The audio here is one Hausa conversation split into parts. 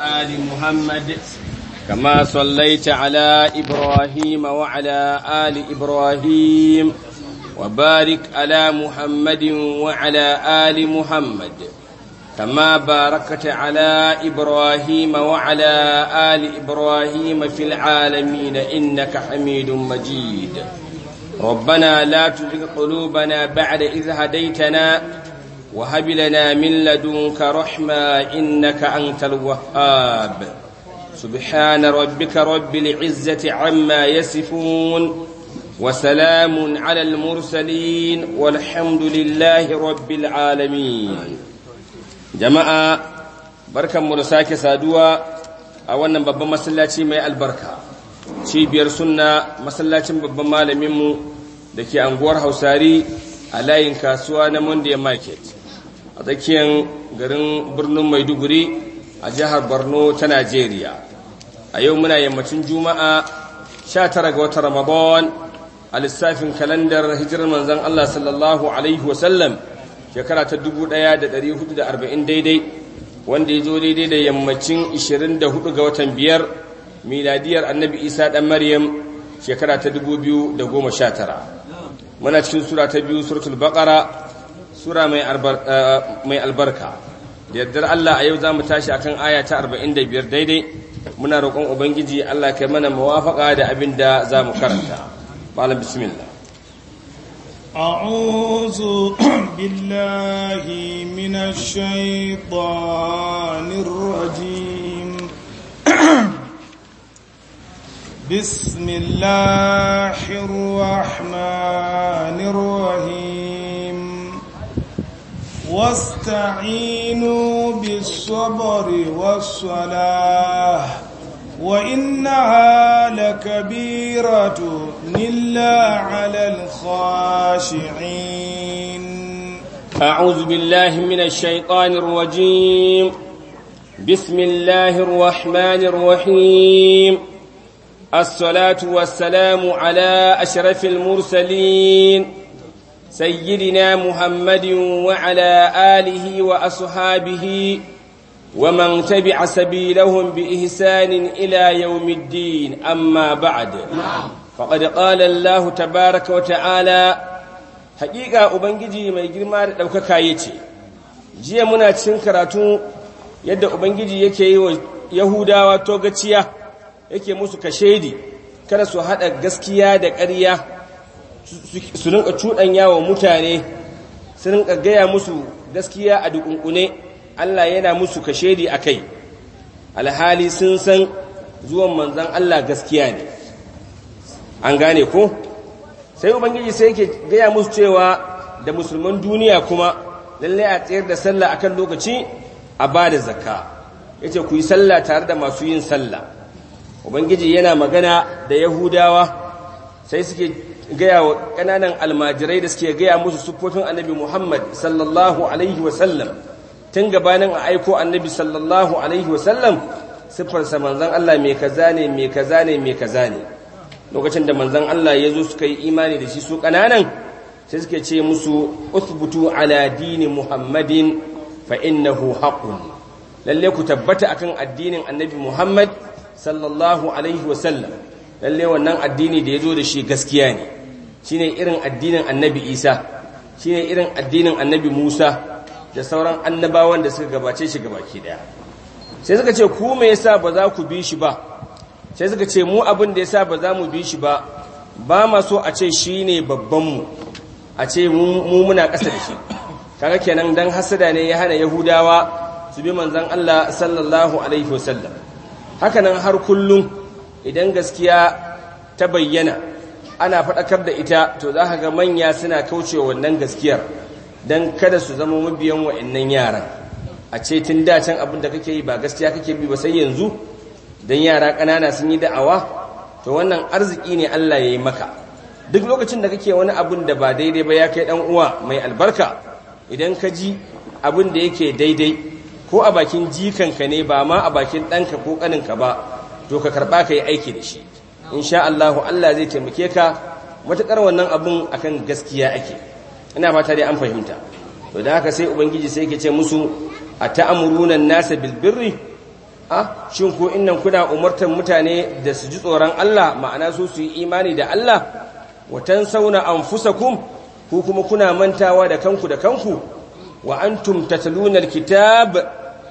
آل محمد كما صليت على إبراهيم وعلى آل إبراهيم وبارك على محمد وعلى آل محمد كما باركت على إبراهيم وعلى آل إبراهيم في العالمين إنك حميد مجيد ربنا لا تزغ قلوبنا بعد إذ هديتنا وهب لنا من لدنك رحمة إنك أنت الوهاب سبحان ربك رب العزة عما يصفون وسلام على المرسلين والحمد لله رب العالمين جماعة بركة مرساك سادوا أولا بابا مسلاتي مي البركة cibiyar sunna masallacin babban malaminmu da ke anguwar hausari a layin kasuwa na monday market a tsakiyar garin birnin maiduguri a jihar borno ta najeriya a yau muna yammacin juma'a 19 ga watan ramadan a lissafin kalandar hijirar manzan allah sallallahu alaihi wasallam shekara ta 1440 daidai wanda ya zo daidai da yammacin 24 ga watan biyar miladiyar annabi isa dan maryam shekara ta 2019 muna cikin sura ta biyu suratul baqara sura eh, mai albarka da yardar Allah a yau za mu tashi akan aya ta 45 daidai muna roƙon ubangiji Allah kai mana muwafaƙa da abin da za mu karanta malam bismillah أعوذ بالله من الشيطان الرجيم واستعينوا بالصبر والصلاة وإنها لكبيرة إلا على الخاشعين أعوذ بالله من الشيطان الرجيم بسم الله الرحمن الرحيم الصلاة والسلام على أشرف المرسلين سيدنا محمد وعلى آله وأصحابه ومن تبع سبيلهم بإحسان إلى يوم الدين أما بعد فقد قال الله تبارك وتعالى حقيقة أبنجي ما يجرمار لو كايتي جي منا تنكراتو يد أبنجي يكي يهودا وتوغتيا يكي موسو كشيدي kada su قسكيا دك أريا su rinka cuɗan yawon mutane su rinka gaya musu gaskiya a dukunkune Allah yana musu kashedi a kai alhali sun san zuwan manzan Allah gaskiya ne an gane ko sai ubangiji sai yake gaya musu cewa da musulman duniya kuma lallai a tsayar da sallah akan lokaci a ba da zakka yace ku yi sallah tare da masu yin sallah ubangiji yana magana da yahudawa sai suke gaya wa ƙananan almajirai da suke gaya musu siffofin annabi Muhammad sallallahu alaihi wasallam tun gabanin a aiko annabi sallallahu alaihi wasallam siffarsa manzan Allah mai kaza ne mai kaza ne mai kaza ne lokacin da manzan Allah ya zo suka yi imani da shi su ƙananan sai suke ce musu uthbutu ala dini Muhammadin fa innahu haqqun lalle ku tabbata akan addinin annabi Muhammad sallallahu alaihi wasallam lalle wannan addini da ya zo da shi gaskiya ne shine irin addinin annabi isa shine irin addinin annabi musa da sauran annabawan da suka gabace shi gabaki daya sai suka ce ku me yasa ba za ku bi shi ba sai suka ce mu abin da yasa ba za mu bi shi ba ba ma so a ce shine babban mu a ce mu muna ƙasa da shi kaga kenan dan hasada ne ya hana yahudawa su bi manzon Allah sallallahu alaihi wasallam hakanan har kullum idan gaskiya ta bayyana ana faɗakar da ita to za ka ga manya suna kaucewa wannan gaskiyar don kada su zama mabiyan wa'annan yaran a ce tun da abin da kake yi ba gaskiya kake bi ba sai yanzu don yara ƙanana sun yi da'awa to wannan arziki ne Allah ya yi maka duk lokacin da kake wani abin da ba daidai ba ya kai ɗan uwa mai albarka idan ka ji abin da yake daidai ko a bakin jikanka ne ba ma a bakin ɗanka ko ƙaninka ba to ka karɓa ka yi aiki da shi insha Allah Allah zai taimake ka matakar wannan abun akan gaskiya ake ina fata dai an fahimta to da haka sai ubangiji sai yake ce musu ata'muruna an-nasa bil birri ah shin ko innan kuna umartar mutane da su ji tsoron Allah ma'ana su su yi imani da Allah wa tansawna anfusakum ku kuma kuna mantawa da kanku da kanku wa an tatluna al-kitab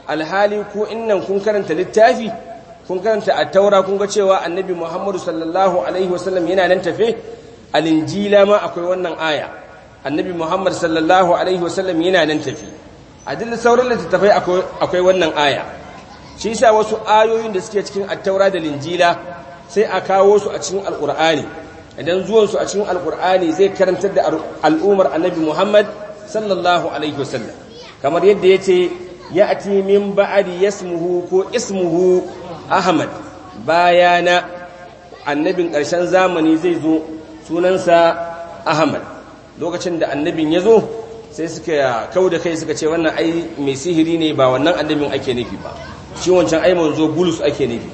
alhali ku innan kun karanta littafi kun karanta a taura kun ga cewa annabi muhammadu sallallahu alaihi wasallam yana nan tafe alinjila ma akwai wannan aya annabi Muhammadu sallallahu alaihi wasallam yana nan tafe a dillin sauran littattafai akwai wannan aya shi yasa wasu ayoyin da suke cikin attaura da linjila sai a kawo su a cikin alkur'ani idan zuwan su a cikin alkur'ani zai karantar da al'ummar annabi muhammad sallallahu alaihi wasallam kamar yadda yace ya'ti min ba'di yasmuhu ko ismuhu ahmad bayana annabin karshen zamani zai zo sunansa ahmad lokacin da annabin ya zo sai suka kau da kai suka ce wannan ai mai sihiri ne ba wannan annabin ake nufi ba shi wancan ai manzo bulus ake nufi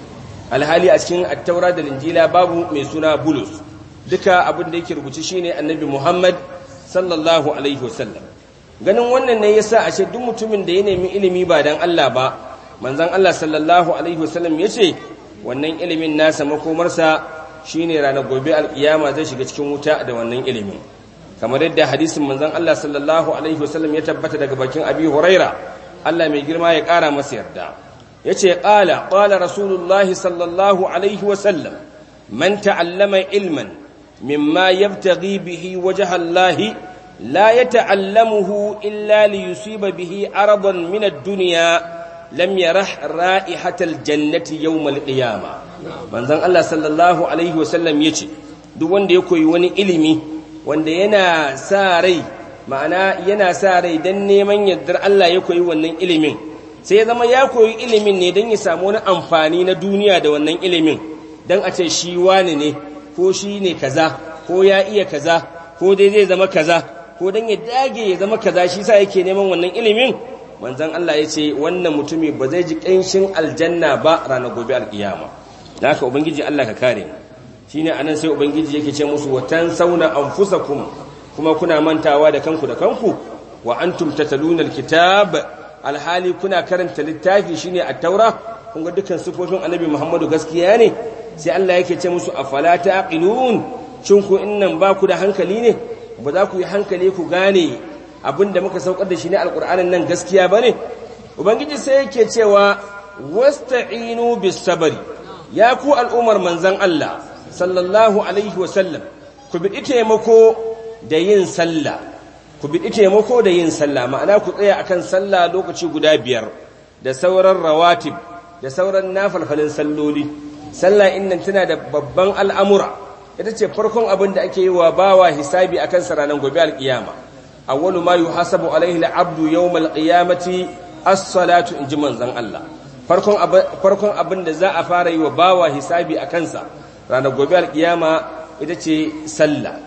alhali a cikin attaura da linjila babu mai suna bulus duka abin da yake rubuce shine annabi muhammad sallallahu alaihi wasallam ganin wannan ne yasa ce duk mutumin da ya nemi ilimi ba dan Allah ba manzon Allah sallallahu alaihi wasallam yace wannan ilimin nasa makomarsa shine ranar gobe alkiyama zai shiga cikin wuta da wannan ilimin kamar yadda hadisin manzon Allah sallallahu alaihi wasallam ya tabbata daga bakin Abi Huraira Allah mai girma ya kara masa yarda yace ƙala ƙala rasulullahi sallallahu alaihi wasallam man ta'allama ilman مما wajen به la ya لا illa إلا ليصيب به عرضا من duniya. lam yarah ra'ihatal jannati yawmal qiyama manzon Allah sallallahu alaihi wasallam yace duk wanda ya koyi wani ilimi wanda yana sa rai ma'ana yana sa rai dan neman yardar Allah ya koyi wannan ilimin sai ya zama ya koyi ilimin ne dan ya samu wani amfani na duniya da wannan ilimin dan a ce shi wani ne ko shi ne kaza ko ya iya kaza ko dai zai zama kaza ko dan ya dage ya zama kaza shi sa yake neman wannan ilimin manzan Allah ya ce wannan mutumi ba zai ji ƙanshin aljanna ba ranar gobe alƙiyama da haka ubangiji Allah ka kare mu shine anan sai ubangiji yake ce musu watan sauna anfusakum kuma kuna mantawa da kanku da kanku wa antum tataluna alkitab alhali kuna karanta littafi shine a taura kun ga dukkan sifofin annabi Muhammadu gaskiya ne sai Allah yake ce musu a taqilun shin ku innan ba ku da hankali ne ba za ku yi hankali ku gane abin da muka saukar da shi ne alƙur'anin nan gaskiya ba ne ubangiji sai yake cewa wasta'inu bis sabari ya ku al'ummar manzan Allah sallallahu alaihi wasallam ku bi taimako da yin sallah ku bi taimako da yin sallah ma'ana ku tsaya akan sallah lokaci guda biyar da sauran rawatib da sauran nafalfalin salloli sallah innan tana da babban al'amura ita ce farkon abin da ake yi wa bawa hisabi akan sa ranar gobe alkiyama awwalu ma yuhasabu alaihi al-abdu yawm al-qiyamati as-salatu inji manzon Allah farkon farkon abin da za a fara yi wa bawa hisabi a kansa ranar gobe al-qiyama ita ce sallah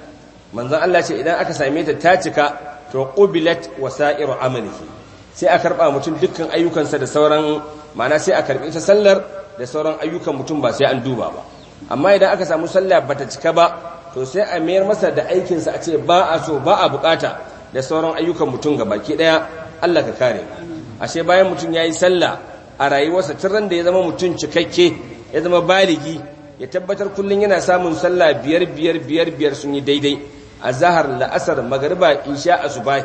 manzon Allah ce idan aka same ta ta cika to qubilat wasa'ir amalihi sai a karba mutum dukkan ayyukansa da sauran ma'ana sai a karbi ta sallar da sauran ayyukan mutum ba sai an duba ba amma idan aka samu sallah bata cika ba to sai a mayar masa da aikinsa a ce ba a so ba a bukata da sauran ayyukan mutum ga baki daya Allah ka kare ashe bayan mutum yayi sallah a rayuwarsa tun ran da ya zama mutum cikakke ya zama baligi ya tabbatar kullun yana samun sallah biyar biyar biyar biyar sun yi daidai azhar la'asar magriba isha asubahi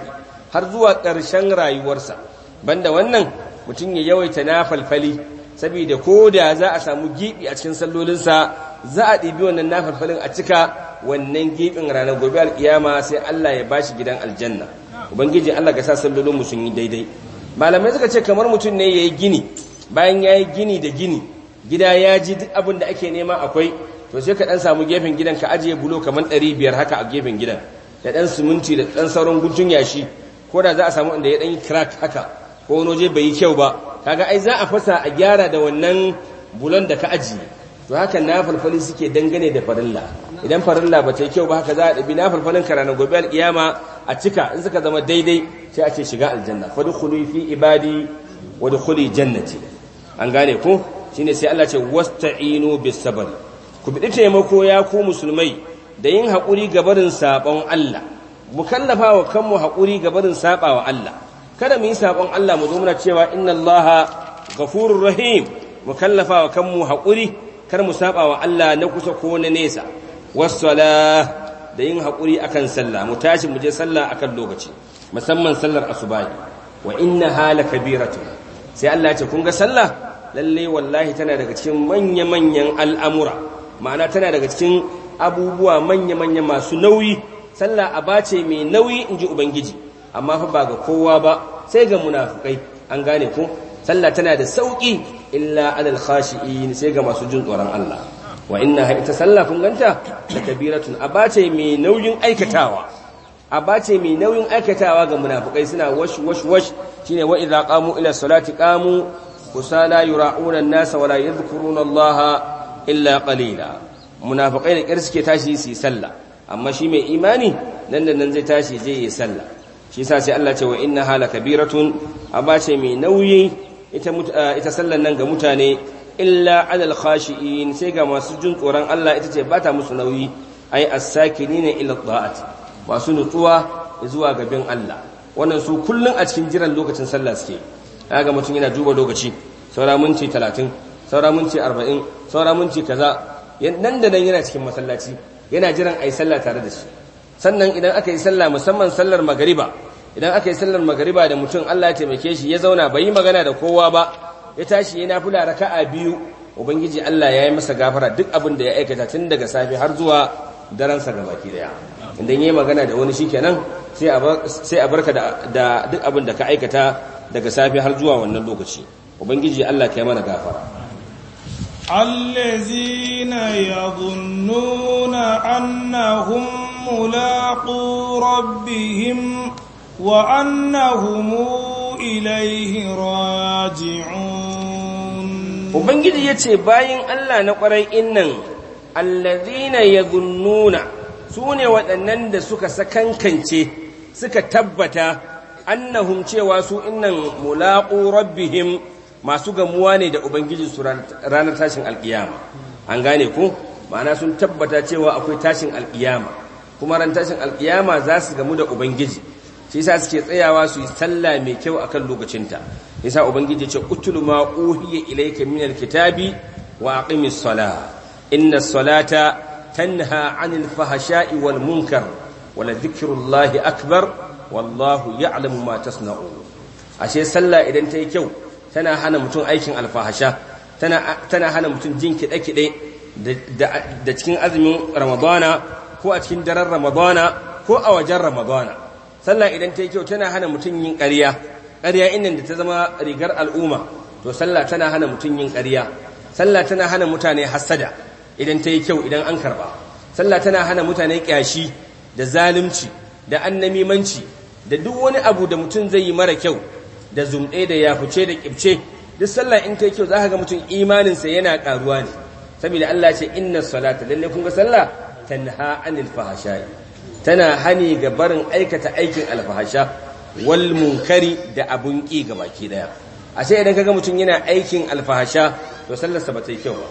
har zuwa ƙarshen rayuwarsa banda wannan mutum ya yawaita nafalfali saboda ko da za a samu gibi a cikin sallolinsa za a ɗibi wannan farfalin a cika wannan gibin ranar gobe alkiyama sai Allah ya bashi gidan aljanna ubangiji Allah ga sa sallolin mu sun yi daidai malamai suka ce kamar mutum ne ya yi gini bayan ya yi gini da gini gida ya ji duk abin da ake nema akwai to sai ka dan samu gefen gidan ka ajiye bulo kamar ɗari biyar haka a gefen gidan da ɗan siminti da ɗan sauran guntun yashi ko da za a samu inda ya ɗan yi crack haka ko wani waje bai yi kyau ba kaga ai za a fasa a gyara da wannan bulon da ka ajiye to haka nafilfali suke dangane da farilla idan farilla ba ta yi kyau ba haka za a ɗabi nafilfalin ka ranar gobe alƙiyama a cika in suka zama daidai sai a ce shiga aljanna kuli fi ibadi wa kuli jannati an gane ko shine sai Allah ce wasta'inu bis sabr ku bi taimako ya ku musulmai da yin haƙuri ga barin sabon Allah mu kallafa wa kanmu haƙuri ga barin saɓa wa Allah kada mu yi sabon Allah mu zo muna cewa inna Allaha ghafurur rahim mu kallafa wa kanmu haƙuri kar mu saba wa Allah na kusa ko na nesa wassala da yin haƙuri akan sallah mu tashi mu je sallah akan lokaci musamman sallar asubahi wa inna hala kabiratu sai Allah ya ce kun ga sallah lalle wallahi tana daga cikin manya manyan al'amura ma'ana tana daga cikin abubuwa manya manya masu nauyi sallah a bace mai nauyi in ji ubangiji amma fa ba ga kowa ba sai ga munafukai an gane ko sallah tana da sauki illa alal khashi'in sai ga masu jin tsoron Allah wa inna ha ita sallah kun ganta da kabiratun abace mai nauyin aikatawa abace mai nauyin aikatawa ga munafikai suna wash wash wash shine wa idza qamu ila salati qamu kusala yura'una an-nasa wa la yadhkuruna Allah illa qalila munafikai da kyar suke tashi su yi sallah amma shi mai imani nan da nan zai tashi je yi sallah shi yasa sai Allah ce wa inna hala kabiratun abace mai nauyin. Eh, ita sallan nan ga mutane illa alal khashi'in sai ga masu jin tsoron Allah ita ce bata musu nauyi ai as-sakinina ila da'at masu nutsuwa zuwa ga bin Allah wannan su kullun a cikin jiran lokacin sallah suke kaga mutum yana duba lokaci saura minti 30 saura minti 40 saura minti kaza nan da nan yana cikin masallaci yana jiran ai sallah tare da shi sannan idan aka yi sallah musamman sallar magariba idan aka yi sallar magariba da mutum Allah ya taimake shi ya zauna bai yi magana da kowa ba ya tashi yana fula raka'a biyu ubangiji Allah ya yi masa gafara duk abin da ya aikata tun daga safe har zuwa daren sa gabaki daya idan yayi magana da wani shikenan sai sai a barka da duk abin da ka aikata daga safe har zuwa wannan lokaci ubangiji Allah ka yi mana gafara الذين يظنون أنهم ملاقو ربهم wa annahum ilayhi raji'un Ubangiji yace bayan Allah na kwarai innan alladhina su sune waɗannan da suka sakankance suka tabbata annahum cewa su innan mulaqu rabbihim masu gamuwa ne da Ubangiji ranar tashin alkiyama an gane ku ma'ana sun tabbata cewa akwai tashin alkiyama kuma ran tashin alkiyama za su gamu da Ubangiji shi yasa suke tsayawa su yi sallah mai kyau akan lokacinta yasa ubangiji ya ce utlu ma uhiya ilayka min alkitabi wa aqimis salah inna salata tanha 'anil fahsha'i wal munkar wa la dhikrullahi akbar wallahu ya'lamu ma tasna'un ashe sallah idan ta yi kyau tana hana mutum aikin alfahasha tana tana hana mutum jin kide kide da cikin azumin ramadana ko a cikin daren ramadana ko a wajen ramadana sallah idan ta yi kyau tana hana mutum yin ƙarya ƙarya inda da ta zama rigar al'umma to sallah tana hana mutum yin ƙarya sallah tana hana mutane hassada idan ta yi kyau idan an karba sallah tana hana mutane ƙyashi da zalunci da annamimanci da duk wani abu da mutum zai yi mara kyau da zumɗe da yafuce da ƙibce duk sallah in ta yi kyau za ka ga mutum imaninsa yana ƙaruwa ne saboda Allah ce inna salata lalle kun ga sallah tanha anil fahasha'i tana hani ga barin aikata aikin alfahasha wal munkari da abun ƙi ga baki daya sai idan kaga mutum yana aikin alfahasha to sallarsa ba ta yi kyau ba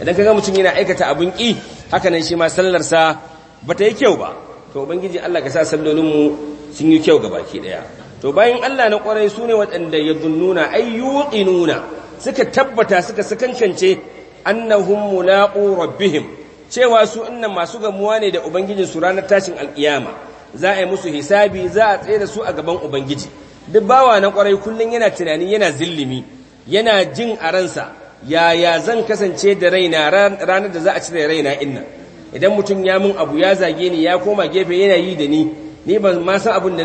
idan kaga mutum yana aikata abun ƙi haka nan shi ma sallarsa ba ta yi kyau ba to ubangiji Allah ka sa mu sun yi kyau ga baki daya to bayan Allah na kwarai su ne waɗanda yadunnuna ay yuqinuna suka tabbata suka sakankance annahum mulaqu rabbihim cewa su innan masu gamuwa ne da ubangijin su ranar tashin alkiyama za a yi musu hisabi za a tsaye da su a gaban ubangiji duk bawa na ƙwarai kullum yana tunani yana zillimi yana jin a ransa yaya zan kasance da raina ranar da za a cire raina inna idan mutum ya mun abu ya zage ni ya koma gefe yana yi da ni ni ban ma san abin da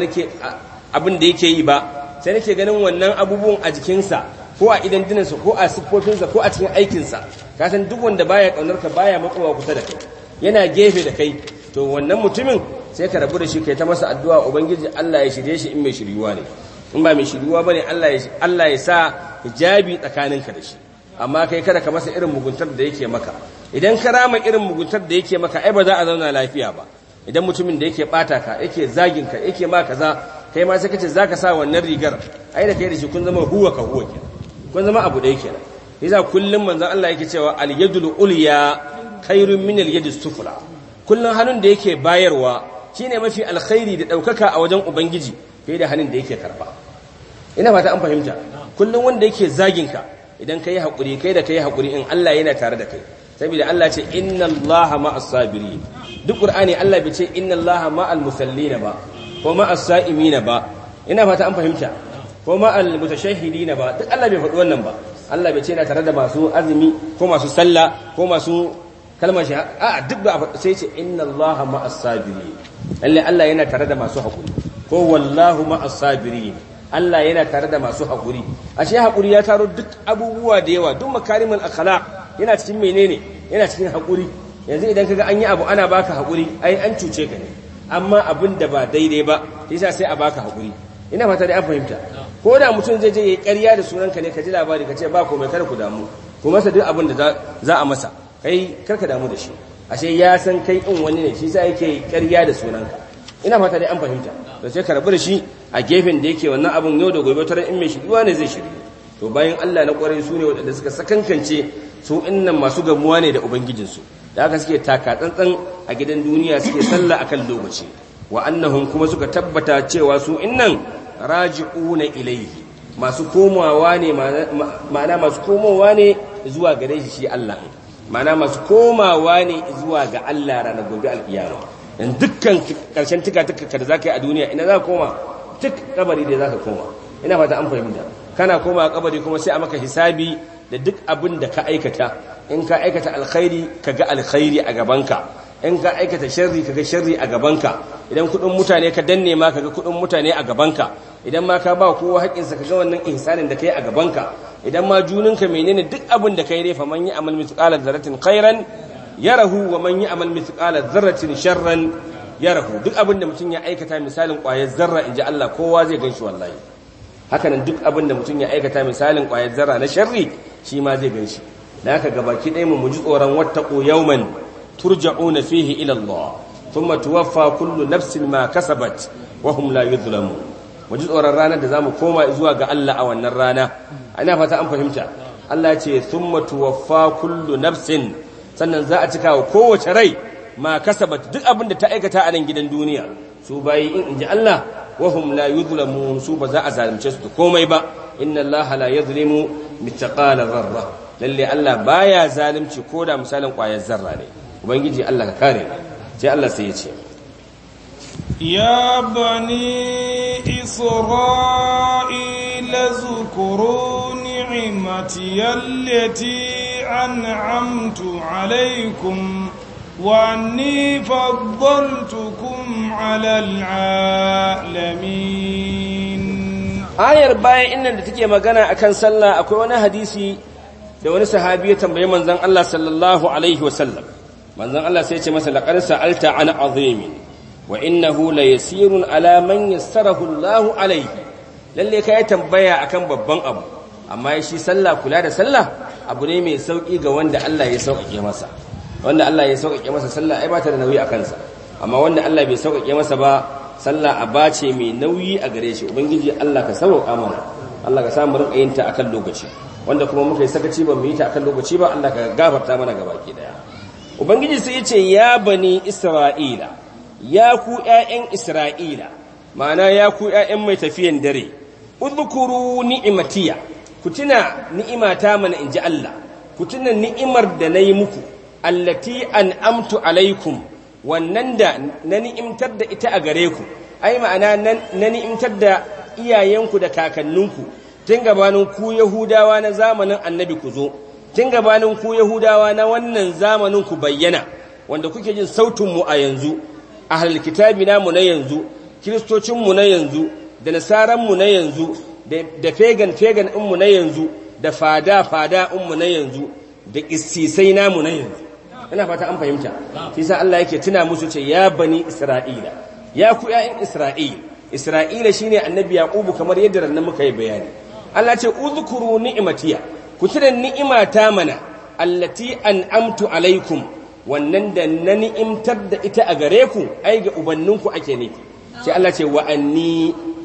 abin da yake yi ba sai nake ganin wannan abubuwan a jikinsa ko a idan dinansa ko a siffofinsa ko a cikin aikinsa ka san duk wanda baya kaunar ka baya matsowa kusa da kai yana gefe da kai to wannan mutumin sai ka rabu da shi kai ta masa addu'a ubangiji Allah ya shirye shi in mai shiryuwa ne in ba mai shiryuwa bane Allah ya Allah ya sa hijabi tsakaninka da shi amma kai kada ka masa irin muguntar da yake maka idan ka rama irin muguntar da yake maka ai ba za a zauna lafiya ba idan mutumin da yake bata ka yake zagin ka yake ma kaza kai ma sai kace zaka sa wannan rigar ai da kai da shi kun zama huwa ka huwa kenan kun zama abu ɗaya kenan yasa kullum manzon Allah yake cewa al yadul ulya khairun min al yadis sufla kullum hannun da yake bayarwa shine mafi alkhairi da daukaka a wajen ubangiji fiye da hannun da yake karba ina fata an fahimta kullum wanda yake zagin ka idan kai hakuri kai da kai hakuri in Allah yana tare da kai saboda Allah ce inna Allah ma'as sabirin duk qur'ani Allah bai ce inna Allah ma'al musallina ba ko ma'as sa'imina ba ina fata an fahimta ko ma al mutashahhidina ba duk Allah bai faɗi wannan ba Allah bai ce na tare da masu azumi ko masu sallah ko masu kalmar shi a duk ba sai ce inna Allah ma'as sabirin lalle Allah yana tare da masu hakuri ko wallahu ma'as sabirin Allah yana tare da masu hakuri ashe hakuri ya taro duk abubuwa da yawa duk makarimul akhlaq yana cikin menene yana cikin hakuri yanzu idan kaga an yi abu ana baka hakuri ai an cuce ka ne amma abin da ba daidai ba yasa sai a baka hakuri ina fata da an fahimta ko da mutum zai je ya yi ƙarya da sunanka ne ka ji labari ka ce ba komai kada ku damu ku masa duk abin da za a masa kai karka damu da shi ashe ya san kai in wani ne shi sa yake ƙarya da sunanka ina fata dai an fahimta to sai rabu da shi a gefen da yake wannan abun yau da gobe tare in mai shiriwa ne zai shiri to bayan Allah na kwarai su ne waɗanda suka sakankance su innan masu gamuwa ne da ubangijinsu da haka suke taka tsantsan a gidan duniya suke sallah akan lokaci wa annahum kuma suka tabbata cewa su innan raji'una ilaihi masu komawa ne ma'ana masu komawa ne zuwa gare shi shi Allah ma'ana masu komawa ne zuwa ga Allah ranar gobe alkiyama dan dukkan karshen tuka tuka da zakai a duniya ina za ka koma tuk kabari da zaka koma ina fata an fahimta kana koma kabari kuma sai a maka hisabi da duk abin da ka aikata in ka aikata alkhairi ka ga alkhairi a gabanka in ka aikata sharri ka ga sharri a gabanka idan kudin mutane ka danne ma ka ga kudin mutane a gabanka idan ma ka ba kowa haƙƙinsa ka ga wannan ihsanin da kai a gabanka idan ma juninka menene duk abin da kai refa man yi amal mithqala dharratin khairan yarahu wa man yi amal mithqala dharratin sharran yarahu duk abin da mutum ya aikata misalin ƙwayar zarra inji Allah kowa zai ganshi wallahi hakanan duk abin da mutum ya aikata misalin ƙwayar zarra na sharri shi ma zai ganshi da haka gabaki ɗaya mu ji tsoron wattaqu yawman turja'una fihi ila Allah tuwaffa kullu كل ma kasabat كسبت وهم لا يظلمون mu ji tsoron ranar da zamu koma zuwa ga Allah a wannan rana ina fata an fahimta Allah ya ce thumma tuwaffa kullu nafsin sannan za a cika wa kowace rai ma kasabat duk abin da ta aikata a nan gidan duniya su bayi in inji Allah wa hum la yuzlamun su ba za a zalunce su komai ba inna Allah la yuzlimu mithqala dharra lalle Allah baya zalunci koda misalin kwayar zarra ne ubangiji Allah ka kare sai Allah sai ya ce يا بني إسرائيل اذكروا نعمتي التي أنعمت عليكم وأني فضلتكم على العالمين آية باية إن تكي مغانا أكن صلى أكوانا حديثي da wani sahabi ya tambayi manzon Allah sallallahu alaihi wasallam manzon Allah sai ya ce masa laqad sa'alta an azimin wa innahu la yasirun ala man yassarahu Allahu alayhi lalle kai tambaya akan babban abu amma shi sallah kula da sallah abu ne mai sauki ga wanda Allah ya sauƙaƙe masa wanda Allah ya sauƙaƙe masa sallah ai ba ta da nauyi a kansa amma wanda Allah bai sauƙaƙe masa ba sallah a bace mai nauyi a gare shi ubangiji Allah ka sauƙa mana Allah ka samu rinka yin ta akan lokaci wanda kuma muka yi sakaci ba mu yi ta akan lokaci ba Allah ka gafarta mana gabaki daya ubangiji sai ya ce ya bani isra'ila ya ku ‘ya'yan Isra'ila, ma'ana ya ku ‘ya'yan mai tafiyan dare, uzukuru ni'imatiya, ku tuna ni'imata mana in ji Allah, ku tuna ni'imar da na yi muku, allati an amtu alaikum, wannan da na ni'imtar da ita a gare ku, ai ma'ana na ni'imtar da iyayenku da kakanninku, tun gabanin ku Yahudawa na zamanin annabi ku zo, tun gabanin ku Yahudawa na wannan zamanin ku bayyana, wanda kuke jin sautinmu a yanzu. ahlul kitabi namu na yanzu kiristocinmu na yanzu da nasaranmu na yanzu da fegan fegan mu na yanzu da fada fada mu na yanzu da istisai namu na yanzu ina fata an fahimta shi sa Allah yake tuna musu ce ya bani isra'ila ya ku ya'in isra'ila isra'ila shine annabi yaqubu kamar yadda ran muka yi bayani Allah ce uzkuru ni'matiya ku tuna ni'imata mana allati an'amtu alaikum wannan da na ni'imtar da ita a gare ku ai ga ubanninku ake ne. sai Allah ce wa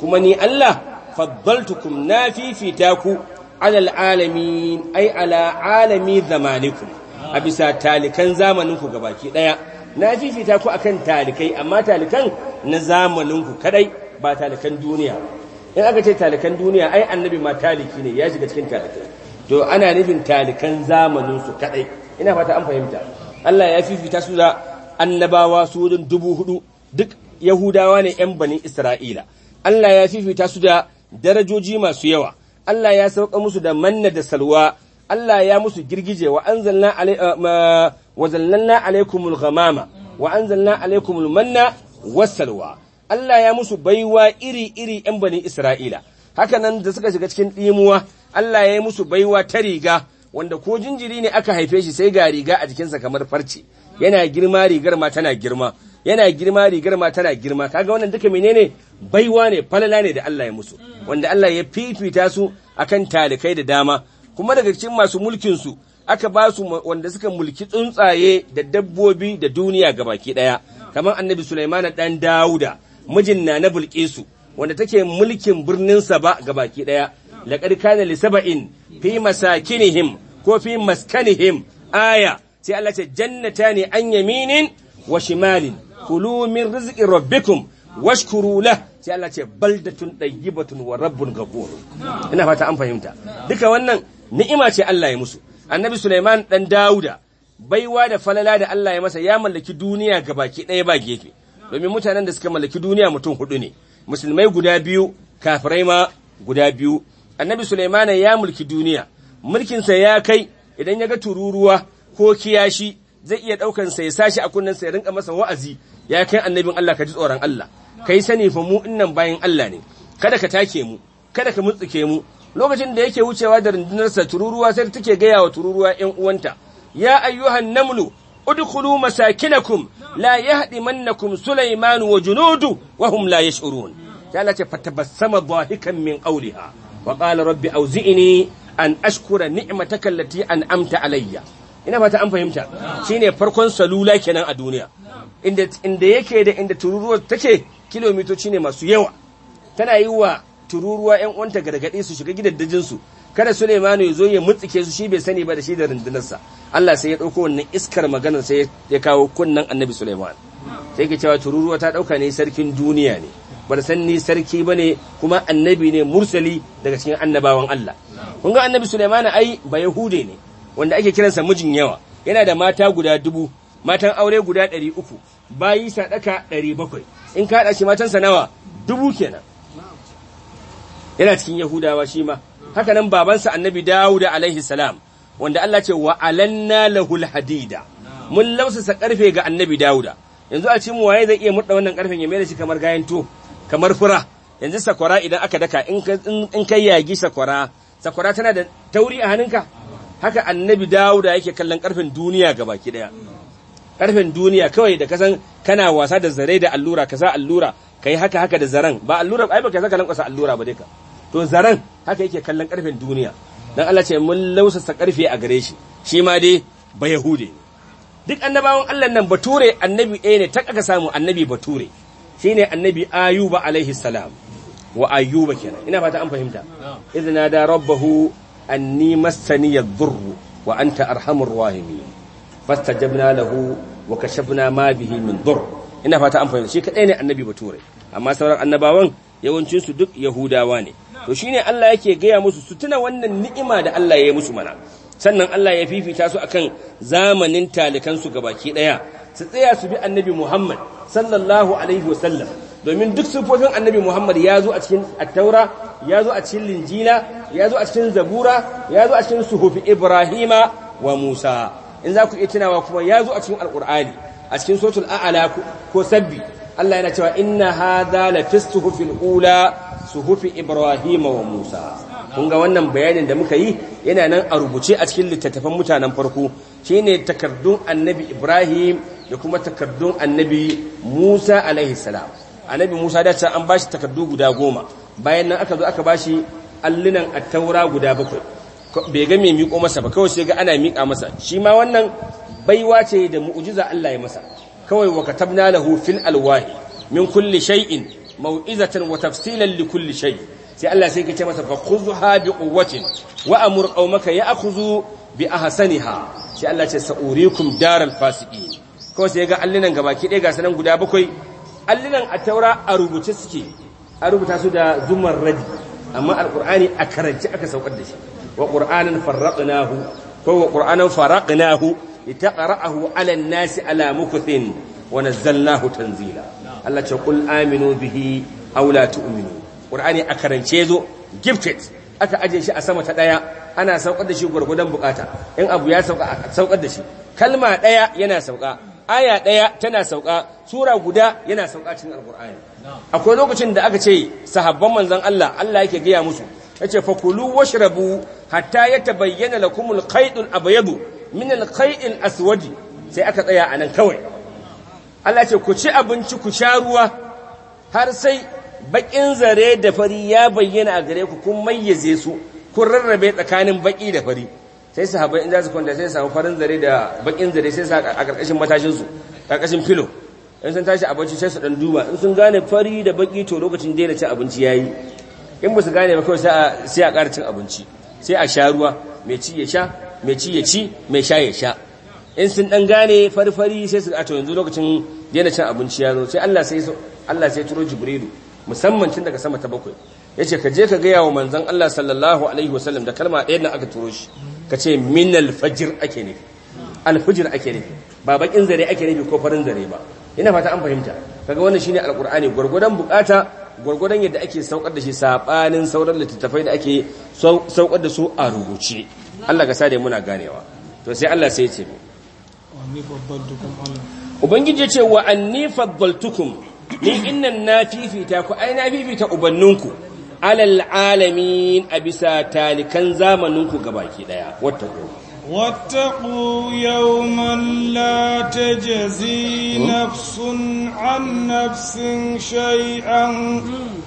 kuma ni Allah faddaltukum na fifita ku alal alamin ai ala alami zamanikum a bisa talikan zamaninku gabaki daya na fifita ku akan talikai amma talikan na zamaninku kadai ba talikan duniya in aka ce talikan duniya ai annabi ma taliki ne ya shiga cikin talikai to ana nufin talikan zamaninsu kadai ina fata an fahimta Allah ya fifita su da annabawa su wurin dubu hudu duk Yahudawa ne ‘yan banin Isra'ila. Allah ya fifita su da darajoji masu yawa, Allah ya sauka musu da manna da salwa, Allah ya musu girgije wa uh, zallanna alaikumul ghamama wa an alaikumul manna wasalwa. Allah ya musu baiwa iri-iri ‘yan banin Isra'ila. Haka nan da suka shiga cikin ɗimuwa, Allah ya yi musu baiwa ta riga, wanda ko jinjiri ne aka haife shi sai ga riga a jikinsa kamar farce yana girma rigar ma tana girma yana girma rigar ma tana girma kaga wannan duka menene baiwa ne falala ne da Allah ya musu wanda Allah ya fifita su akan talikai da dama kuma daga cikin masu mulkin su aka ba su wanda suka mulki tsuntsaye da dabbobi da duniya gabaki daya kamar annabi Sulaiman dan Dauda mijin na na Bilkisu wanda take mulkin birnin sa ba gabaki daya laqad kana li fi masakinihim ko fi maskanihim aya sai Allah ce jannatani an yaminin wa shimalin kulu min rizqi rabbikum washkuru lah sai Allah ce baldatun tayyibatun wa rabbun ghafur ina fata an fahimta duka wannan ni'ima ce Allah ya musu annabi Sulaiman dan Dauda baiwa da falala da Allah ya masa ya mallaki duniya gabaki ɗaya ba gefe domin mutanen da suka mallaki duniya mutum hudu ne musulmai guda biyu kafirai ma guda biyu annabi Sulaimana ya mulki duniya, mulkinsa ya kai idan ya ga tururuwa ko kiyashi zai iya sa ya sashi a sa ya rinka masa wa'azi ya kai annabin Allah ka ji tsoron Allah, kai sani fa mu innan bayan Allah ne, kada ka take mu, kada ka mutsuke mu, lokacin da yake wucewa da rundunarsa tururuwa sai take gaya wa tururuwa ‘yan uwanta, ya ayyuhan namlu, udkhulu masakinakum la yahdimannakum Sulaimanu wa junudu wa hum la yash'urun. Ya Allah ce fatabassama dhahikan min qawliha. wa qala rabbi auzi'ni an ashkura kallati an an'amta alayya ina fata an fahimta shine farkon salula kenan a duniya inda inda yake da inda tururuwa take kilomitoci ne masu yawa tana yi wa tururuwa yan uwanta gargaɗe su shiga gidaddajin su kada Suleimanu ya zo ya mutsike su shi bai sani ba da shi da sa. Allah sai ya ɗauko wannan iskar maganar sai ya kawo kunnan annabi Suleiman sai ke cewa tururuwa ta ɗauka ne sarkin duniya ne ba da sanni sarki ba ne kuma annabi ne mursali daga cikin annabawan Allah kunga annabi Sulaiman ai ba yahude ne wanda ake kiransa mijin yawa yana da mata guda dubu matan aure guda ɗari uku bayi sadaka ɗari bakwai in kaɗa shi matansa nawa dubu kenan yana cikin yahudawa shi ma haka nan babansa annabi dawuda alaihi salam wanda Allah ce wa alanna lahul hadida mun lausasa ƙarfe ga annabi dawuda yanzu a cikin waye zai iya murda wannan ƙarfen ya mai da shi kamar gayan to kamar fura yanzu sakwara idan aka daka in kai yagi sakwara sakwara tana da tauri a hannunka haka annabi dawuda yake kallon karfin duniya ga daya karfin duniya kawai da kasan kana wasa da zare da allura ka sa allura kai haka haka da zaren ba allura ai baka saka lankwasa allura ba dai to zaren haka yake kallon karfin duniya dan Allah ce mun lausasa karfe a gare shi shi ma dai ba yahude duk annabawan Allah nan bature annabi ɗaya ne ta samu annabi bature shine annabi ayuba alaihi salam wa ayuba kenan ina fata an fahimta idna da rabbahu anni massani yadhurru wa anta arhamur rahimin fastajabna lahu wa kashafna ma bihi min dhurr ina fata an fahimta shi kadai ne annabi bature amma sauran annabawan yawancin su duk yahudawa ne to shine Allah yake gaya musu su tuna wannan ni'ima da Allah ya yi musu mana sannan Allah ya fifita su akan zamanin talikan su gabaki ɗaya, su tsaya su bi annabi Muhammad sallallahu alaihi wasallam domin duk sufofin annabi Muhammad ya zo a cikin attaura ya zo a cikin linjila ya zo a cikin zabura ya zo a cikin suhufi ibrahima wa musa in za ku iya tunawa kuma ya zo a cikin alkur'ani a cikin sotul a'ala ko sabbi Allah yana cewa inna hadha la fi ula suhufi ibrahima wa musa kun ga wannan bayanin da muka yi yana nan a rubuce a cikin littattafan mutanen farko shine takardun annabi ibrahim da kuma takardun annabi musa alaihi salam annabi musa da ta an bashi takardu guda goma bayan nan aka zo aka bashi allunan taura guda bakwai bai ga mai miƙo masa ba kawai sai ga ana miƙa masa shi ma wannan baiwa ce da mu'ujiza Allah ya masa kawai wa katabna lahu fil alwahi min kulli shay'in mau'izatan wa tafsilan li kulli shay sai Allah sai ce masa fa khudha bi quwwatin wa amur qaumaka ya'khudhu bi ahsaniha sai Allah ce sa'urikum daral fasiqin kawai sai ga allinan gabaki ɗaya ga sanan guda bakwai allinan a taura a rubuce suke a rubuta su da zumar radi amma alqur'ani a karanci aka saukar da shi wa qur'anan farraqnahu ko wa qur'anan faraqnahu ita 'ala an-nasi 'ala mukthin wa nazzalnahu tanzila Allah ce kul aminu bihi aw tu'minu qur'ani a karance zo gifted aka ajiye shi a sama ta ɗaya. ana saukar da shi gwargwadon bukata in abu ya sauka a saukar da shi kalma ɗaya yana sauka aya ɗaya tana sauka sura guda yana sauka cikin alqur'ani akwai lokacin da aka ce sahabban manzon Allah Allah yake gaya musu yace fakulu washrabu hatta yatabayyana lakumul qaydul abyadu min alqai'il aswadi sai aka tsaya anan kawai Allah ce ku ci abinci ku sha ruwa har sai bakin zare da fari ya bayyana a gare ku kun mayyaze su kun rarrabe tsakanin baki da fari sai sahabbai in za su kwanta sai samu farin zare da bakin zare sai sa a karkashin matashin su karkashin filo in sun tashi abinci sai su dan duba in sun gane fari da baki to lokacin daina cin abinci yayi in ba su gane ba kawai sai a ƙara cin abinci sai a sha ruwa mai ci ya sha mai ci ya ci mai sha ya sha in sun dan gane farfari sai su a to yanzu lokacin yana cin abinci ya zo sai Allah sai Allah sai turo Jibrilu musamman tun daga sama ta bakwai yace ka je ka ga yawo manzon Allah sallallahu alaihi wasallam da kalma ɗaya nan aka turo shi ka ce min al-fajr ake ne al-fajr ake ne ba bakin zare ake bi ko farin zare ba ina fata an fahimta kaga wannan shine alqur'ani gurgudan bukata gurgudan yadda ake saukar da shi sabanin sauran littattafai da ake saukar da su a rubuce Allah ka sade muna ganewa to sai Allah sai ya ce ubangiji ce wa anni faddaltukum ni innan na fifita ku ai na fifita ubanninku alal alamin a bisa talikan zamaninku gabaki daya wata wattaqu yawman la tajzi hmm? nafsun an nafsin shay'an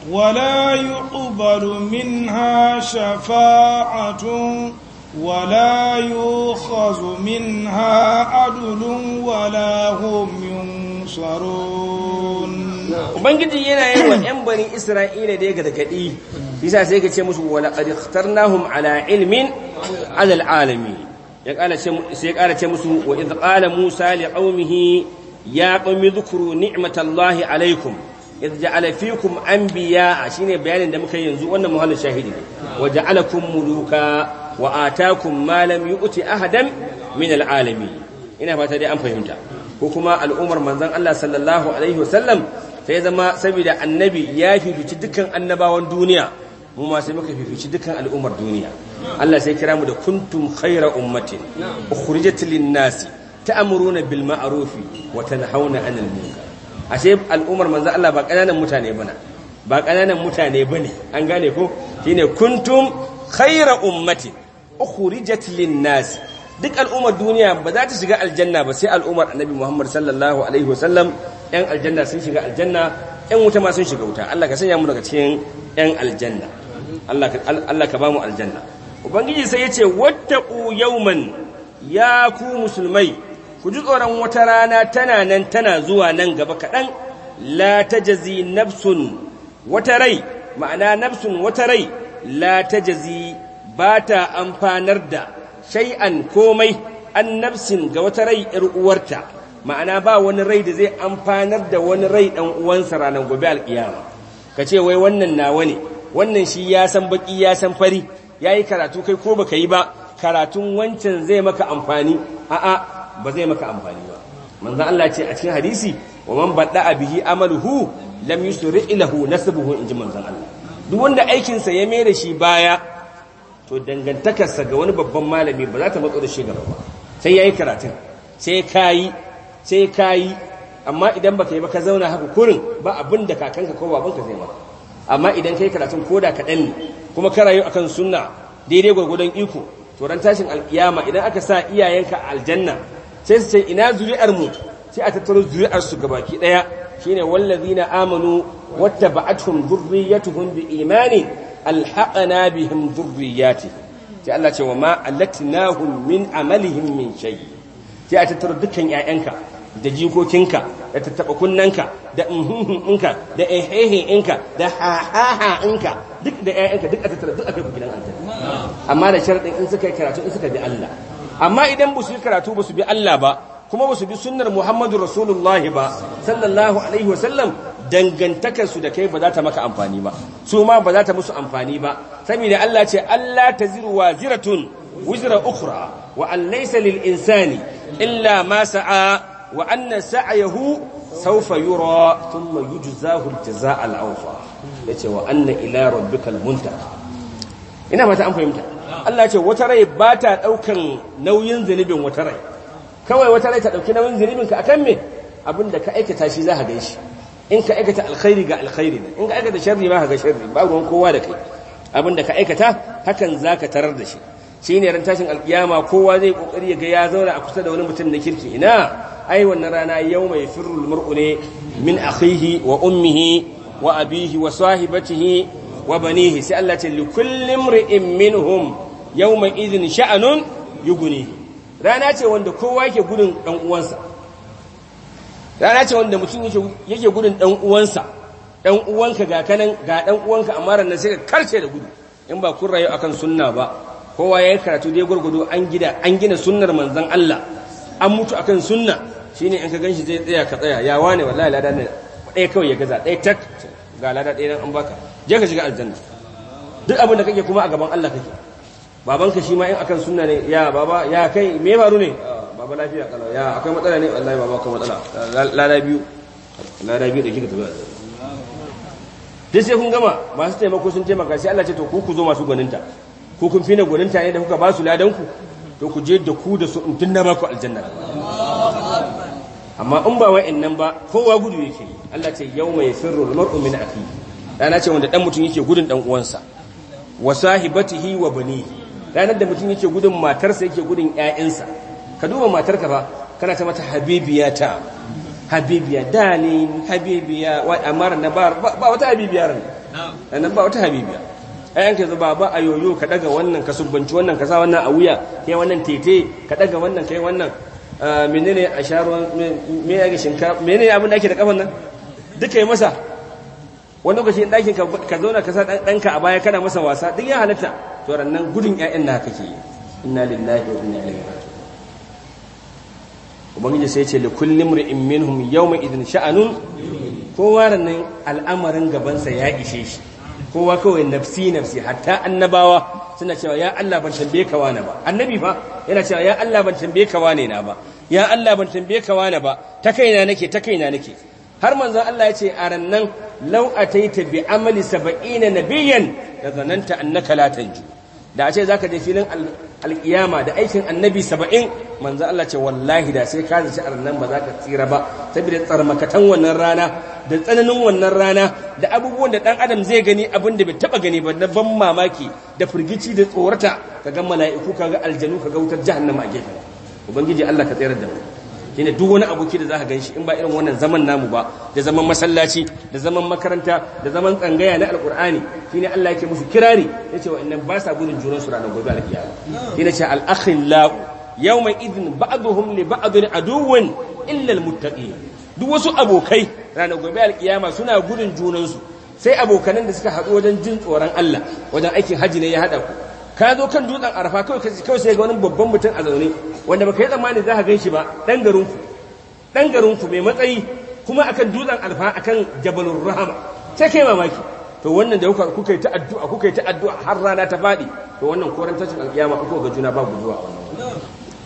wa la yuqbalu minha shafa'atun ولا يؤخذ منها عدل ولا هم ينصرون ubangiji yana yi wa 'yan banin isra'ila da ya gargaɗi bisa sai ka ce musu wala ƙadiktar nahum ala ilmin alal alami sai ƙara ce musu wa idh qala musa li qaumihi ya qaumi dhkuru ni'matallahi alaikum idh ja'ala fikum anbiya shine bayanin da muka yanzu wannan muhallin shahidi wa ja'alakum muluka wa atakum ma lam yu'ti ahadan min al'alami ina fata dai an fahimta ko kuma al'umar manzon Allah sallallahu alaihi wasallam sai zama saboda annabi ya fifici dukkan annabawan duniya mu ma sai muka fifici dukkan al'ummar duniya Allah sai kira mu da kuntum khayra ummatin ukhrijat lin-nasi ta'muruna bil ma'ruf wa tanhauna 'anil munkar ashe al'ummar manzon Allah ba kananan mutane bane ba kananan mutane bane an gane ko shine kuntum khayra ummatin ukhrijat lin duk al'ummar duniya ba za ta shiga aljanna ba sai al'ummar annabi Muhammad sallallahu alaihi wasallam yan aljanna sun shiga aljanna yan wuta ma sun shiga wuta Allah ka sanya mu daga cikin yan aljanna Allah ka Allah ka ba mu aljanna ubangiji sai ya ce wattaqu yawman ya ku musulmai ku ji tsoron wata rana tana nan tana zuwa nan gaba kaɗan la tajzi nafsun wata rai ma'ana nafsun wata rai la tajzi ba ta amfanar da shay'an komai an nafsin ga wata rai ‘yar uwarta, ma'ana ba wani rai da zai amfanar da wani rai ɗan uwansa ranar gobe alƙiyama. Ka ce, wai wannan nawa ne, wannan shi ya san baƙi ya san fari, ya yi karatu kai ko baka yi ba, karatun wancan zai maka amfani, a'a ba zai maka amfani ba. Manzan Allah ce a cikin hadisi, wa man baɗa a bihi amaluhu lam yusri ilahu nasibuhu in manzan Allah. Duk wanda aikinsa ya mai da shi baya, to dangantakarsa ga wani babban malami ba za ta matso da shi gaba ba sai ya yi karatun sai ka yi sai ka yi amma idan baka yi ba ka zauna haka kurin ba abin da kakanka ko babanka zai ba. amma idan ka yi karatun ko da kaɗan ne kuma ka rayu akan sunna daidai gwargwadon iko to ran tashin alkiyama idan aka sa iyayenka a aljanna sai su ce ina zuri'ar mu sai a tattaro zuri'ar su gabaki daya shine wallazina amanu wattaba'athum dhurriyyatuhum imani alhaqana bihim dhurriyyati sai Allah ce wa ma allatnahum min amalihim min shay sai a tattara dukkan ƴaƴanka da jikokinka da tattaba kunnanka da inhuhun inka da ehehe inka da hahaha inka duk da ƴaƴanka duk a tattara duk akai gidan aljanna amma da sharadin in suka yi karatu in suka bi Allah amma idan ba su yi karatu ba su bi Allah ba kuma ba su bi sunnar Muhammadu Rasulullah ba sallallahu alaihi wa sallam. dangantakarsu da kai ba za ta maka amfani ba su ma ba za ta musu amfani ba saboda Allah ce Allah taziru waziratun wizra ukhra wa an laysa lil insani illa ma sa'a wa anna sa'yahu sawfa yura thumma yujzahu al jazaa al awfa yace wa anna ila rabbikal muntaha ina mata an fahimta Allah ce wata rai ba ta daukan nauyin zunubin wata rai kawai wata rai ta dauki nauyin zunubin ka akan me abinda ka aikata shi za ka gaishe in ka aikata alkhairi ga alkhairi ne in ka aikata sharri ma ga sharri ba ruwan kowa da kai abin da ka aikata hakan zaka tarar da shi shine ran tashin alkiyama kowa zai kokari ya ga ya zauna a kusa da wani mutum na kirki ina ai wannan rana mai yafirru almar'u ne min akhihi wa ummihi wa abihi wa sahibatihi wa banihi sai Allah ce likulli imri'in minhum yawma idhin sha'anun yuguni rana ce wanda kowa yake gudun dan uwansa rana ce wanda mutum yake gudun dan uwansa dan uwanka ga kanan ga dan uwanka amma ranar sai ka karce da gudu in ba kun rayu akan sunna ba kowa ya yi karatu dai gurgudu an gida an gina sunnar manzan Allah an mutu akan sunna shine in ka ganshi zai tsaya ka tsaya ya wane wallahi lada ne ɗaya kawai ya gaza ɗaya tak ga lada ɗaya nan an baka je ka shiga aljanna duk abin da kake kuma a gaban Allah kake babanka shi ma in akan sunna ne ya baba ya kai me faru ne baba lafiya kalau ya akwai matsala ne wallahi baba akwai matsala lada biyu lada biyu da kika tafi duk sai kun gama masu taimako sun taimaka sai Allah ce to ku ku zo masu gwaninta ko kun fina gwaninta ne da kuka ba su ladan ku to ku je da ku da su in na ba ku aljanna amma in ba wa'annan ba kowa gudu yake Allah ce yawma yasirru al-mar'u min akhihi rana ce wanda dan mutum yake gudun dan uwansa wa sahibatihi wa banihi ranar da mutum yake gudun matarsa yake gudun ƴaƴansa ka duba matarka fa kana ta mata habibiya ta habibiya dani habibiya wa amar na ba ba wata habibiya ran nan ba wata habibiya ai yanke zuba ba a yoyo ka daga wannan ka subbanci wannan ka sa wannan a wuya kai wannan tete ka daga wannan kai wannan ah, menene a sharuwan me ya ga shinkafa menene abin da ake da kafan nan duka yi masa wani lokaci in ɗakin ka zauna ka sa ɗanka a baya kana masa wasa duk ya halatta to nan gudun 'ya'yan na kake yi inna lillahi wa inna ilaihi ubangiji sai ce likulli mri'in minhum yawma idin sha'anun kowa ranan al'amarin gabansa ya ishe shi kowa kawai nafsi nafsi hatta annabawa suna cewa ya Allah ban tambaye ka wani ba annabi fa yana cewa ya Allah ban tambaye ka wani na ba ya Allah ban tambaye ka wani ba ta kaina nake ta kaina nake har manzon Allah ya ce a rannan law ataita bi amali sab'ina nabiyyan da zananta annaka la tanju da a ce zaka je filin alkiyama da aikin annabi saba'in manzo Allah ce wallahi da sai ka zaci nan ba za ka tsira ba saboda tsarmakatan wannan rana da tsananin wannan rana da abubuwan da dan adam zai gani abin da bai taɓa gani ba na ban mamaki da firgici da tsorata ka kaga mala'iku ga aljanu ga wutar jahannama a gefe ubangiji Allah ka tsayar da mu shine duk wani aboki da zaka ganshi in ba irin wannan zaman namu ba da zaman masallaci da zaman makaranta da zaman tsangaya na alqur'ani shine Allah yake musu kirari yace wa innan ba sa gudun juran su ranar gobe alkiyama shine ce al akhillau yawma idhin ba'dhum li ba'dhin aduwwun illa al muttaqin duk wasu abokai ranar gobe alkiyama suna gudun junan su sai abokanan da suka haɗu wajen jin tsoron Allah wajen aikin haji ne ya haɗa ku ka zo kan dutsen arafa kawai sai ga wani babban mutum a zaune wanda baka yi tsammani za ka gan shi ba ɗan garinku ɗan garinku mai matsayi kuma akan dutsen alfa akan jabalun rahama ta ke mamaki to wannan da kuka yi ta kuka yi ta har rana ta faɗi to wannan korantacin alƙiyama kuka ga juna babu zuwa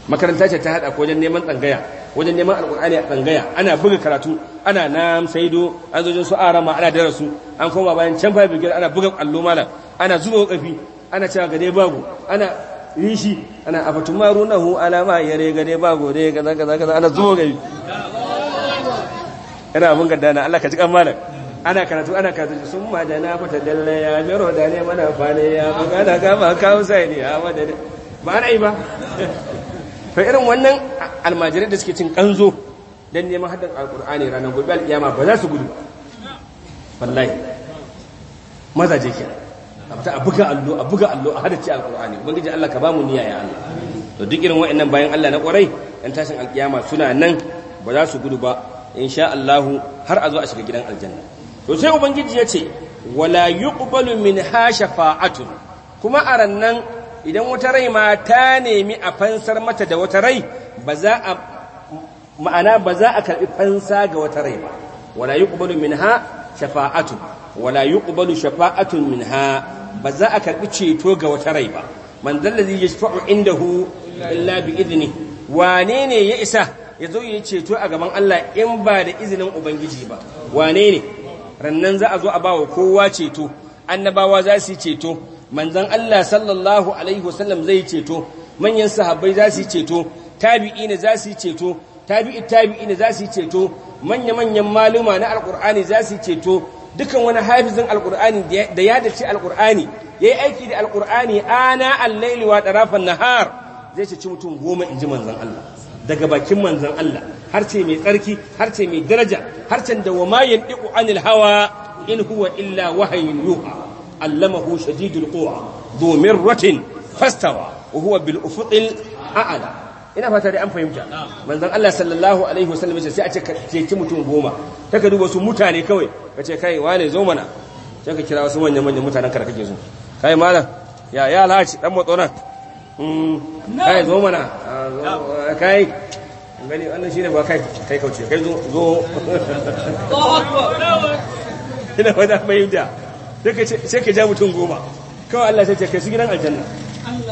makaranta ce ta haɗa ko wajen neman tsangaya wajen neman alƙur'ani a tsangaya ana buga karatu ana nam saido an zo su arama ana darasu an koma bayan can fa ana buga allo malam ana zuba wakafi ana cewa ga dai babu ana rishi ana afatumarunahu ala ma yare gane ba gode kaza kaza kaza ana zo gai ina abun gadda na Allah ka ji kan malam ana karatu ana karatu sun ma da na fata dalla ya mero da ne mana fane ya magana kama kawo sai ne ya wada da ba na yi ba fa irin wannan almajirai da suke cin kanzo dan neman haddan alqur'ani ranar gobe alkiyama ba za su gudu wallahi mazaje kenan ta a buga allo a buga allo a hadace alqur'ani ubangiji Allah ka bamu niyya ya Allah to duk irin wa'annan bayan Allah na kwarai ɗan tashin alkiyama suna nan ba za su gudu ba insha Allah har a zo a shiga gidan aljanna to sai ubangiji ya ce wala yuqbalu min ha kuma a nan idan wata rai ma ta nemi a fansar mata da wata rai ba za a ma'ana ba za a karɓi fansa ga wata rai ba wala yuqbalu minha shafa'atun wala yuqbalu shafa'atun minha ba za a karɓi ceto ga wata rai ba man dallazi yashfa'u indahu illa bi idni wane ne ya isa ya zo ya ceto a gaban Allah in ba da izinin ubangiji ba wane ne rannan za a zo a bawa kowa ceto annabawa za su yi ceto manzon Allah sallallahu alaihi wasallam zai ceto manyan sahabbai za su ceto tabi'ina za su ceto tabi'i tabi'ina za su ceto manya-manyan maluma na alkur'ani za su ceto dukan wani hafizin alkur'ani da ya dace alkur'ani yayi aiki da alkur'ani ana al-laili wa tarafan nahar zai ci mutum goma inji manzon Allah daga bakin manzon Allah ce mai tsarki ce mai daraja harcen da wama yandiqu anil hawa in huwa illa wahyun yuha allamahu shadidul quwa dhu mirratin fastawa wa huwa bil ufuqil a'la ina fata dai an fahimta manzon Allah sallallahu alaihi wasallam sai a ce mutum goma taka duba su mutane kawai ka ce kai wane zo mana can ka kira wasu manyan manyan mutanen ka da kake zo kai malam ya ya alhaji dan matsona mm, kai zo mana ah, eh, kai gani wannan shine ba kai kai kauce kai zo zo ina fata mai yuda sai ka ja mutum goma kawai Allah sai ce kai su gidan aljanna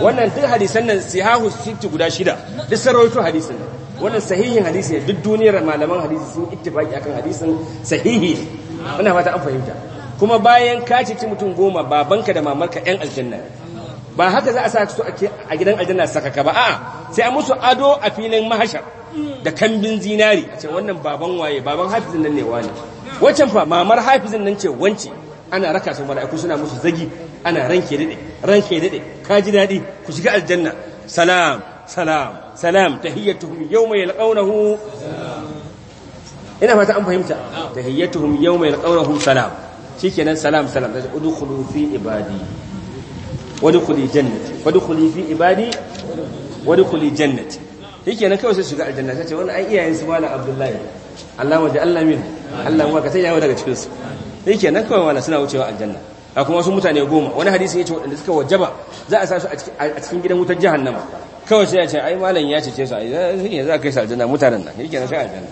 wannan duk hadisan nan sihahu sitti guda shida duk sarautu hadisan nan wannan sahihin hadisi duk duniyar malaman hadisi sun ittifaki akan hadisin sahihi muna fata an fahimta kuma bayan ka ci mutum goma babanka da mamarka yan aljanna ba haka za a sa su a gidan aljanna saka ka ba a'a sai a musu ado a filin mahashar da kambin zinari a ce wannan baban waye baban hafizin nan ne wani wancan fa mamar hafizin nan ce wance ana raka su mala'iku suna musu zagi ana ranke dade ranke dade ka ji dadi ku shiga aljanna salam salam salam tahiyyatuhum yawma yalqawnahu ina fata an fahimta tahiyyatuhum yawma salam salam salam da udkhulu fi ibadi jannati ibadi jannati kawai sai shiga aljanna sai ce wannan iyayen su malam abdullahi Allah waje Allah min Allah ka sai yawo daga cikin su kawai wani suna wucewa aljanna a kuma wasu mutane goma wani suka wajaba za a sa su a cikin gidan wutar jihannama. kawai sai ya ce ai malam ya cece su ai shine za a kai su aljanna mutanen nan sai aljanna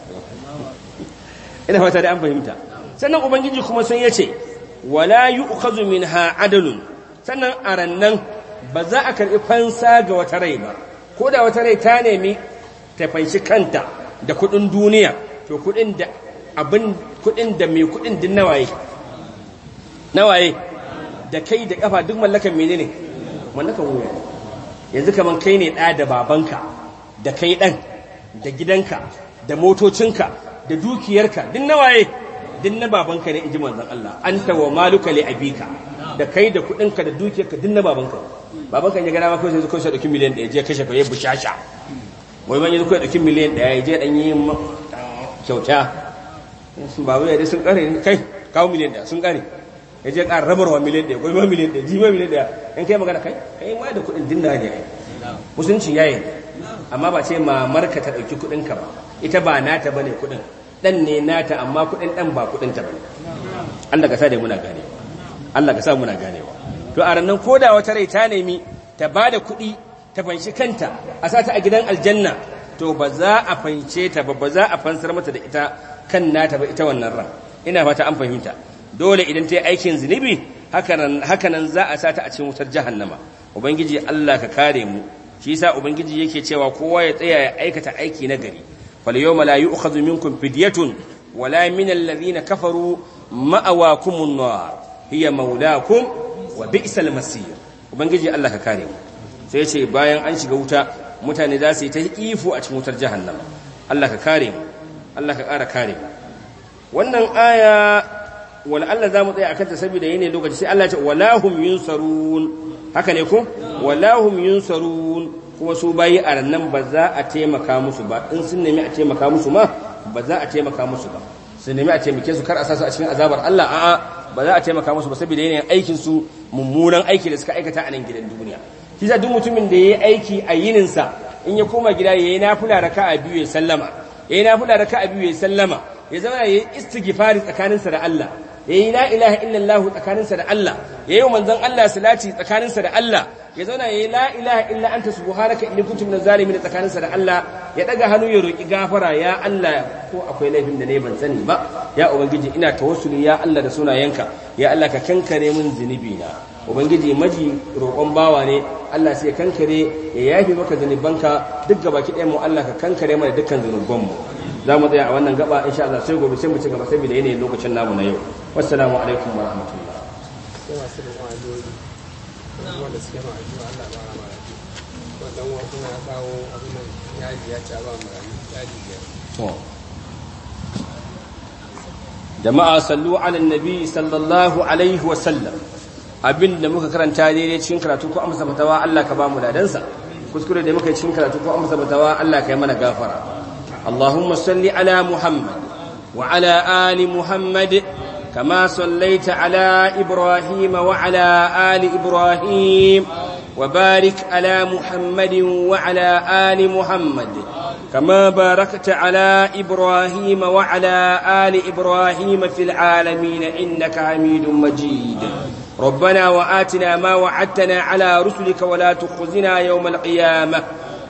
ina fata da an fahimta sannan ubangiji kuma sun yace wala yu'khazu minha adalun sannan arannan ba za a karbi fansa ga wata rai ba ko da wata rai ta nemi ta fanshi kanta da kudin duniya to kudin da abin kudin da mai kudin din nawaye nawaye da kai da kafa duk mallakan menene mallakan wuya yanzu kaman kai ne da da babanka da kai dan da gidanka da motocinka da dukiyarka din waye din na babanka ne inji manzon Allah anta wa maluka li abika da kai da kudinka da dukiyarka din na babanka babanka ya gara ma kai sai da sai dauki miliyan 1 je kashe fa bushasha wai ban ya kai dauki miliyan 1 je dan yi kyauta su babu ya sun kare kai kawo miliyan 1 sun kare ya je rabar wa miliyan ɗaya goma miliyan ɗaya jima miliyan ɗaya in kai magana kai kai ma da kuɗin dinna ne musulunci ya yi amma ba ce mamarka ta ɗauki kuɗinka ba ita ba nata bane kudin dan ne nata amma kudin dan ba kudin ta bane Allah ka sa da muna ganewa Allah ka sa muna ganewa to a ranan koda wata rai ta nemi ta bada kudi ta fanshi kanta a sata a gidan aljanna to ba za a fance ta ba ba za a fansar mata da ita kan nata ba ita wannan ran ina fata an fahimta dole idan ta yi aikin zunubi hakanan hakanan za a sata a cikin wutar jahannama ubangiji Allah ka kare mu shi yasa ubangiji yake cewa kowa ya tsaya ya aikata aiki na gari فاليوم لا يؤخذ منكم فدية ولا من الذين كفروا مأواكم النار هي مولاكم وبئس المصير وبنجي الله كارم sai ya ce bayan an shiga wuta mutane za su yi ta ifu a cikin wutar jahannama Allah ka kare mu Allah ka ƙara kare mu wannan aya wala Allah za mu tsaya akan ta saboda yene lokaci sai Allah ya ce wala hum yunsarun haka ne ko wala hum yunsarun kuma su bayi a nan ba za a taimaka musu ba in sun nemi a taimaka musu ma ba za a taimaka musu ba sun nemi a taimake su kar a sasu a cikin azabar Allah a'a ba za a taimaka musu ba saboda yanayin aikin su mummunan aiki da suka aikata a nan gidan duniya kisa duk mutumin da ya yi aiki a yininsa in ya koma gida yayi nafila raka'a biyu ya sallama yayi nafila raka'a biyu ya sallama ya zama yayi istighfari tsakaninsa da Allah ya yi la'ilaha illallah tsakaninsa da Allah ya yi manzan Allah salati tsakaninsa da Allah ya zauna ya yi la'ilaha illa su subhanaka inni kuntu zalimi zalimin tsakaninsa da Allah ya daga hannu ya roƙi gafara ya Allah ko akwai laifin da ne ban sani ba ya ubangiji ina ne ya Allah da sunayenka ya Allah ka kankare min zunubi na ubangiji maji roƙon bawa ne Allah sai ya kankare ya yafe maka zunubanka duk gaba ki ɗaya mu Allah ka kankare mana dukkan zunubanmu za mu tsaya a wannan gaba insha Allah sai gobe sai mu ci gaba saboda yanayin lokacin namu na yau wassalamu alaikum wa rahmatullah wanda suke wa kuma ya jama'a sallu ala nabi sallallahu alaihi wa sallam abin da muka karanta daidai cikin karatu ko amsa fatawa Allah ka ba mu ladansa kuskure da muka yi cikin karatu ko amsa fatawa Allah ka yi mana gafara اللهم ala Muhammad wa ala Ali Muhammad. كما صليت على إبراهيم وعلى آل إبراهيم وبارك على محمد وعلى آل محمد كما باركت على إبراهيم وعلى آل إبراهيم في العالمين إنك حميد مجيد ربنا وآتنا ما وعدتنا على رسلك ولا تخزنا يوم القيامة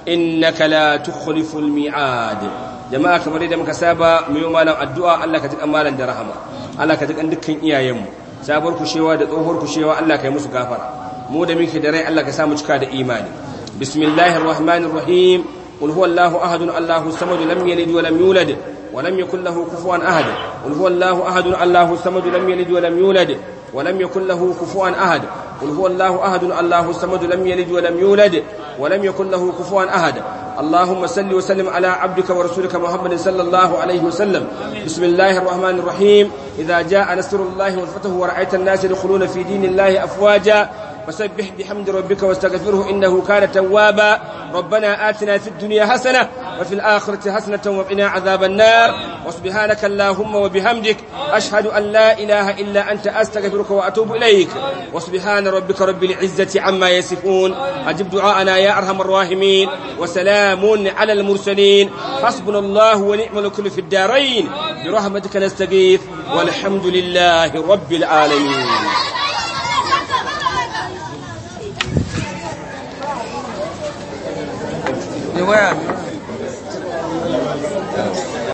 إنك لا تخلف الميعاد jama'a kamar yadda muka saba mu yi malam addu'a Allah ka tukan malam da rahama Allah ka tukan dukkan iyayenmu sabuwar kushewa da tsohuwar kushewa Allah ka yi musu gafara mu da muke da rai Allah ka sa mu cika da imani bismillahir rahmanir rahim qul huwallahu ahadun allahu samad lam yalid wa lam yulad wa lam yakul lahu kufuwan ahad qul huwallahu allahu samad lam yalid wa lam yulad wa lam yakul lahu kufuwan ahad اللهم صل وسلم على عبدك ورسولك محمد صلى الله عليه وسلم بسم الله الرحمن الرحيم إذا جاء نصر الله والفتح ورأيت الناس يدخلون في دين الله أفواجا فسبح بحمد ربك واستغفره إنه كان توابا ربنا آتنا في الدنيا حسنة وفي الآخرة حسنة وقنا عذاب النار وسبحانك اللهم وبحمدك أشهد أن لا إله إلا أنت أستغفرك وأتوب إليك وسبحان ربك رب العزة عما يصفون أجب دعاءنا يا أرحم الراحمين وسلام على المرسلين حسبنا الله ونعم الوكيل في الدارين برحمتك نستغيث والحمد لله رب العالمين Beware.